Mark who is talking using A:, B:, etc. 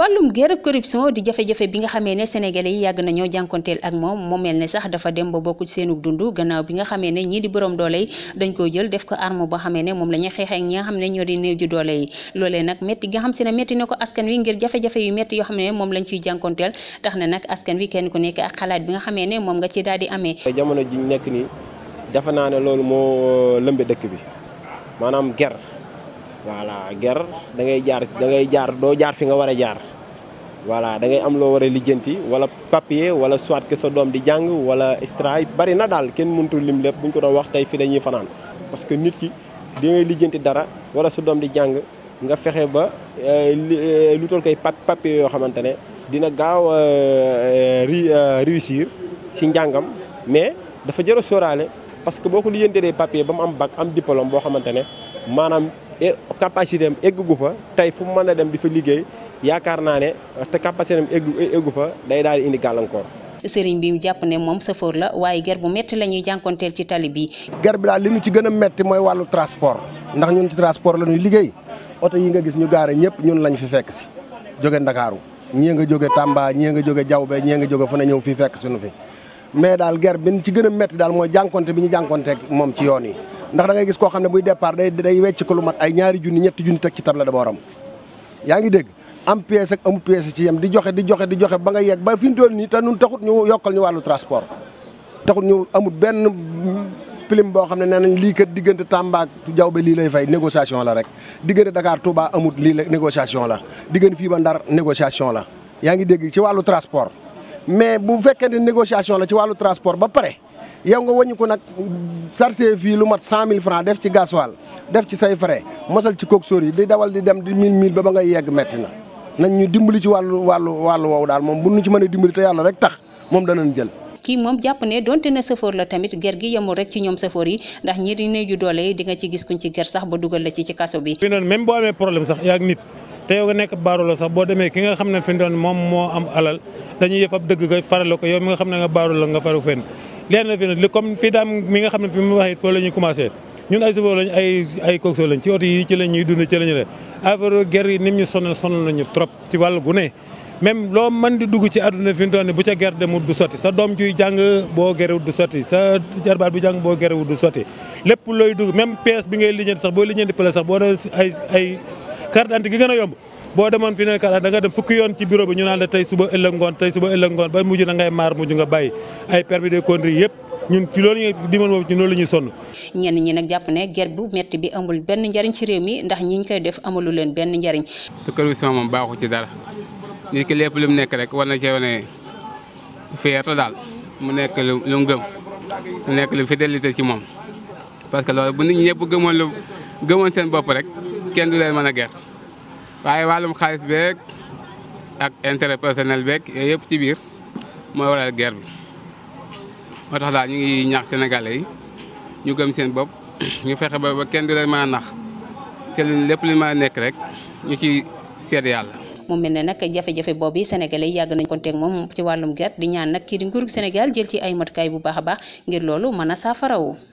A: wàllum guerre corruption di jafe-jafe bi nga xamee ne sénégalais yi yàgg nañoo jànkonteel ak moom mu mel ne sax dafa dem ba bokku ci seenu dund gannaaw bi nga xamee ne ñii di borom doole yi dañ koo jël def ko arme boo xamee ne moom la ñuy xeexee nga xam ne ñoo di néew doole yi loolee nag métti ne métti na ko askan wi ngir jafe-jafe yu yoo xam ne moom lañ ciy jànkonteel tax na nag askan wi kenn ku nekk ak xalaat bi nga xamee ne moom nga ci daal di amee jamono
B: ji nekk nii defe naa ne loolu moo euh, lëmbe dëkk bi maanaam guerre voilà guerre da ngay jaar jaar doo jaar fi nga war a jaar voilà dangay am loo war a lijjanti wala papier wala soit que sa doom di jàng wala extra bari na daal kenn mënutul lim lépp bu ñu ko doon wax tey fi fanaan parce que nit ki di ngay lijjanti dara wala sa doom di jàng nga fexe ba euh, euh, lu toll koy pa papier yoo xamante ne dina gaaw a euh, réussir si njàngam mais dafa jër a sóoraale parce que boo ko lijjantee papier ba mu am bac am diplôme boo xamante ne maanaam e-, capacité am egg tey fu mu mën a dem di fa liggéey yaakaar naa ne te capacité am eggu fa day daal indi gàllankoor.
A: sëriñ bi mu jàpp ne moom sëfoor la waaye ger bu métti la ñuy jànkonteel ci tali bi. ger
C: bi daal li ñu ci gën a métti mooy wàllu transport ndax ñun ci transport la ñuy liggéey oto yi nga gis ñu gaare ñëpp ñun lañ fi fekk si jóge Ndakaaru ñii nga jóge Tamba ñii nga jóge Diaobé ñii nga jóge fu ne ñëw fi fekk suñu fi mais daal ger bi ci gën a métti daal mooy jànkonte bi ñu jànkonteeg moom ci yoon yi ndax da ngay koo xam ne buy départ day day wecc ko lu mat ay ñaari junni ñetti teg ci table de booram yaa ngi dégg am pièce ak amu pièce ci yem di joxe di joxe di joxe ba nga yegg ba fi ñu toll nii te ñun taxut ñu yokkal ñu wàllu transport taxut ñu amut benn pilim boo xam ne nee nañ lii kat diggante Tamba ak Diaw ba lii lay fay négociation la rek diggante Dakar Touba amut lii la négociation la diggante fii ba Ndar négociation la yaa ngi dégg ci wàllu transport mais bu fekkente négociation la ci wàllu transport ba pare yow nga wàññi ko nag sarse fii lu mat cent mille francs def ci gasoil def ci say frais mosal ci coxeur yi di dawal di dem di mille mille ba ba nga yegg metti na nañ ñu dimbali ci wàllu wàllu wàllu woowu daal moom bu ñu ci mën a dimbali te yàlla rek
D: tax moom danañ jël.
A: kii moom jàpp ne donte na safoor la tamit ger gi yemul rek ci ñoom safoor yi ndax ñi ne ju doole yi di ci gis kuñ ci ger sax ba dugal la ci ci kaso bi. fi noonu
D: même boo amee problème sax yaa nit te yow nga nekk baaro sax boo demee ki nga xam ne fi doon moom moo am alal dañuy yëf ab dëgg nga farale ko yow mi nga xam ne na fi li comme nga xam ne fi mu waxee foo ñun ay suba lañ ay ay coxo lañ ci oto yi ci la ñuy dund ci la ñu ne affaire guerre yi nim ñu sonal sonal nañu trop ci wàllu gu ne même loo mën di dugg ci àdduna fi bu ca guerre demul du sotti sa doom juy jàng boo gerewut du sa jarbaat bu jàng boo gerewut du sotti lépp looy dugg même pièce bi ngay liggéey sax boo liggéey pale sax boo doon ay ay carte d'identité a yomb boo demoon fi ne carte da nga dem fukki yoon ci bureau bi ñu naan tey suba ëllëg ngoon tey suba ëllëg ngoon ba mujj na ngay maar mujj nga bàyyi ay permis de yëpp ñun ci loolu ñu dimbal boobu ci loolu la ñuy sonn.
A: ñenn ñi nag jàpp ne ger bu métti bi amul benn njariñ ci réew mi ndax ñi ñu koy def amalu leen benn njariñ.
E: supervision moom baaxu ci dara nit ki lépp lu mu nekk rek war na cee wane fierté daal mu nekk lu mu gëm mu nekk lu fidélité ci moom parce que loolu bu nit ñi ñëpp gëmoon lu gëmoon seen bopp rek kenn du leen mën a ger waaye wàllum xaalis beeg ak intérêt personnel beek yooyu yëpp ci biir mooy waral ger bi. moo tax daal ñu ngi ñaax sénégalais yi ñu gëm seen bopp ñu fexe ba ba kenn du leen mën nax te lépp li ma nekk rek ñu ci seet yàlla.
A: mu mel ne nag jafe-jafe boobu sénégalais yàgg nañ konteeg moom ci wàllum gar di ñaan nag kii di nguurug Sénégal jël ci ay matukaay bu baax a baax ngir loolu mën a saafarawu